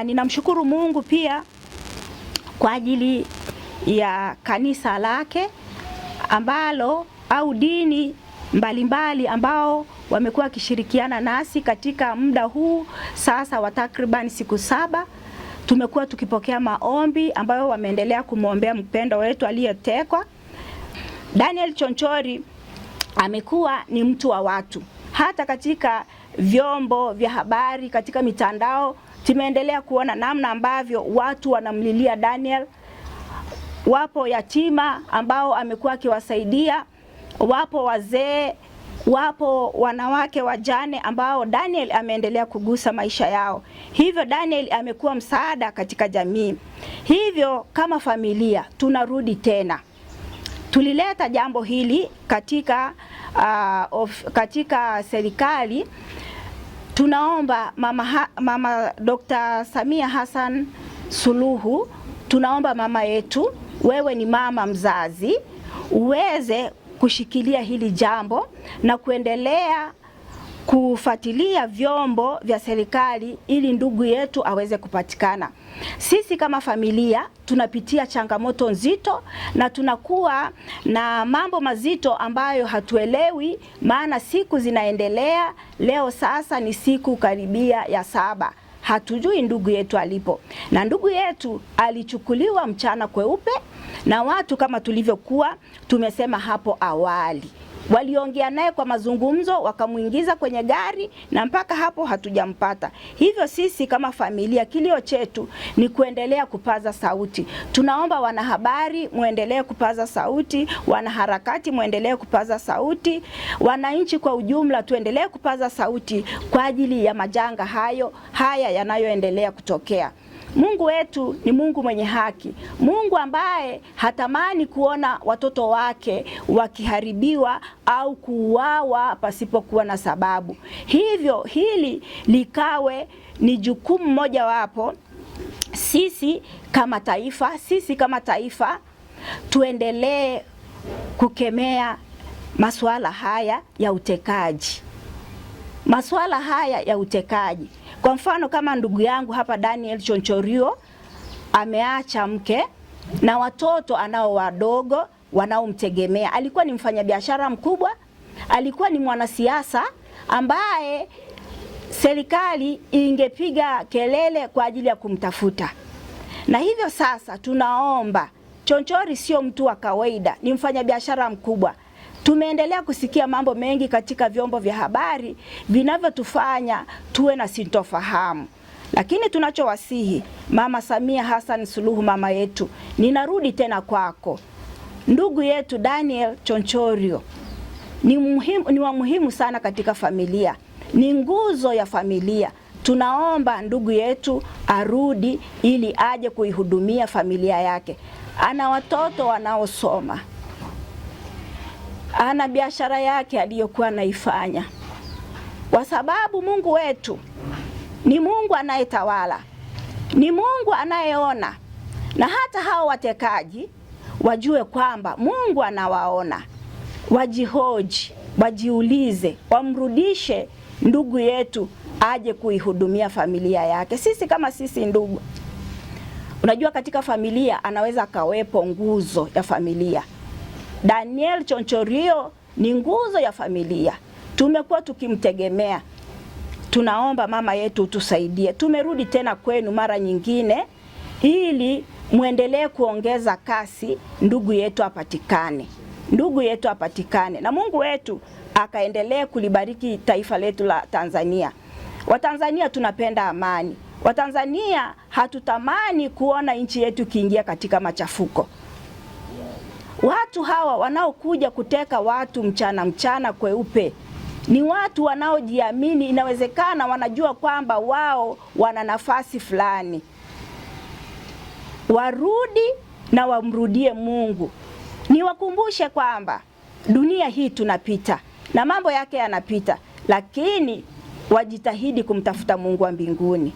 Ah, ninamshukuru Mungu pia kwa ajili ya kanisa lake ambalo au dini mbalimbali mbali ambao wamekuwa wakishirikiana nasi katika muda huu sasa wa takriban siku saba. Tumekuwa tukipokea maombi ambayo wameendelea kumwombea mpendo wetu aliyetekwa. Daniel Chonchori amekuwa ni mtu wa watu, hata katika vyombo vya habari, katika mitandao Tumeendelea kuona namna ambavyo watu wanamlilia Daniel. Wapo yatima ambao amekuwa akiwasaidia, wapo wazee, wapo wanawake wajane ambao Daniel ameendelea kugusa maisha yao. Hivyo Daniel amekuwa msaada katika jamii. Hivyo kama familia tunarudi tena, tulileta jambo hili katika, uh, of, katika serikali Tunaomba mama, ha, mama Dr. Samia Hassan Suluhu, tunaomba mama yetu, wewe ni mama mzazi, uweze kushikilia hili jambo na kuendelea kufuatilia vyombo vya serikali ili ndugu yetu aweze kupatikana. Sisi kama familia tunapitia changamoto nzito na tunakuwa na mambo mazito ambayo hatuelewi, maana siku zinaendelea. Leo sasa ni siku karibia ya saba hatujui ndugu yetu alipo, na ndugu yetu alichukuliwa mchana kweupe na watu kama tulivyokuwa tumesema hapo awali. Waliongea naye kwa mazungumzo, wakamwingiza kwenye gari na mpaka hapo hatujampata. Hivyo sisi kama familia, kilio chetu ni kuendelea kupaza sauti. Tunaomba wanahabari muendelee kupaza sauti, wanaharakati muendelee kupaza sauti, wananchi kwa ujumla tuendelee kupaza sauti kwa ajili ya majanga hayo haya yanayoendelea kutokea. Mungu wetu ni Mungu mwenye haki, Mungu ambaye hatamani kuona watoto wake wakiharibiwa au kuuawa pasipokuwa na sababu. Hivyo hili likawe ni jukumu mojawapo sisi kama taifa, sisi kama taifa tuendelee kukemea masuala haya ya utekaji, masuala haya ya utekaji. Kwa mfano kama ndugu yangu hapa Daniel Chonchorio ameacha mke na watoto anao wadogo wanaomtegemea. Alikuwa ni mfanyabiashara mkubwa, alikuwa ni mwanasiasa ambaye serikali ingepiga kelele kwa ajili ya kumtafuta. Na hivyo sasa tunaomba Chonchori sio mtu wa kawaida, ni mfanyabiashara mkubwa. Tumeendelea kusikia mambo mengi katika vyombo vya habari vinavyotufanya tuwe na sintofahamu, lakini tunachowasihi Mama Samia Hassan Suluhu, mama yetu, ninarudi tena kwako ndugu yetu Daniel Chonchorio ni muhimu, ni wa muhimu sana katika familia, ni nguzo ya familia. Tunaomba ndugu yetu arudi ili aje kuihudumia familia yake. Ana watoto wanaosoma ana biashara yake aliyokuwa anaifanya, kwa sababu Mungu wetu ni Mungu anayetawala, ni Mungu anayeona, na hata hao watekaji wajue kwamba Mungu anawaona, wajihoji, wajiulize, wamrudishe ndugu yetu aje kuihudumia familia yake. Sisi kama sisi ndugu, unajua katika familia anaweza akawepo nguzo ya familia Daniel Chonchorio ni nguzo ya familia, tumekuwa tukimtegemea. Tunaomba mama yetu utusaidie, tumerudi tena kwenu mara nyingine ili muendelee kuongeza kasi, ndugu yetu apatikane, ndugu yetu apatikane, na Mungu wetu akaendelee kulibariki taifa letu la Tanzania. Watanzania tunapenda amani. Watanzania hatutamani kuona nchi yetu ikiingia katika machafuko. Watu hawa wanaokuja kuteka watu mchana mchana kweupe ni watu wanaojiamini. Inawezekana wanajua kwamba wao wana nafasi fulani, warudi na wamrudie Mungu. Niwakumbushe kwamba dunia hii tunapita na mambo yake yanapita, lakini wajitahidi kumtafuta Mungu wa mbinguni.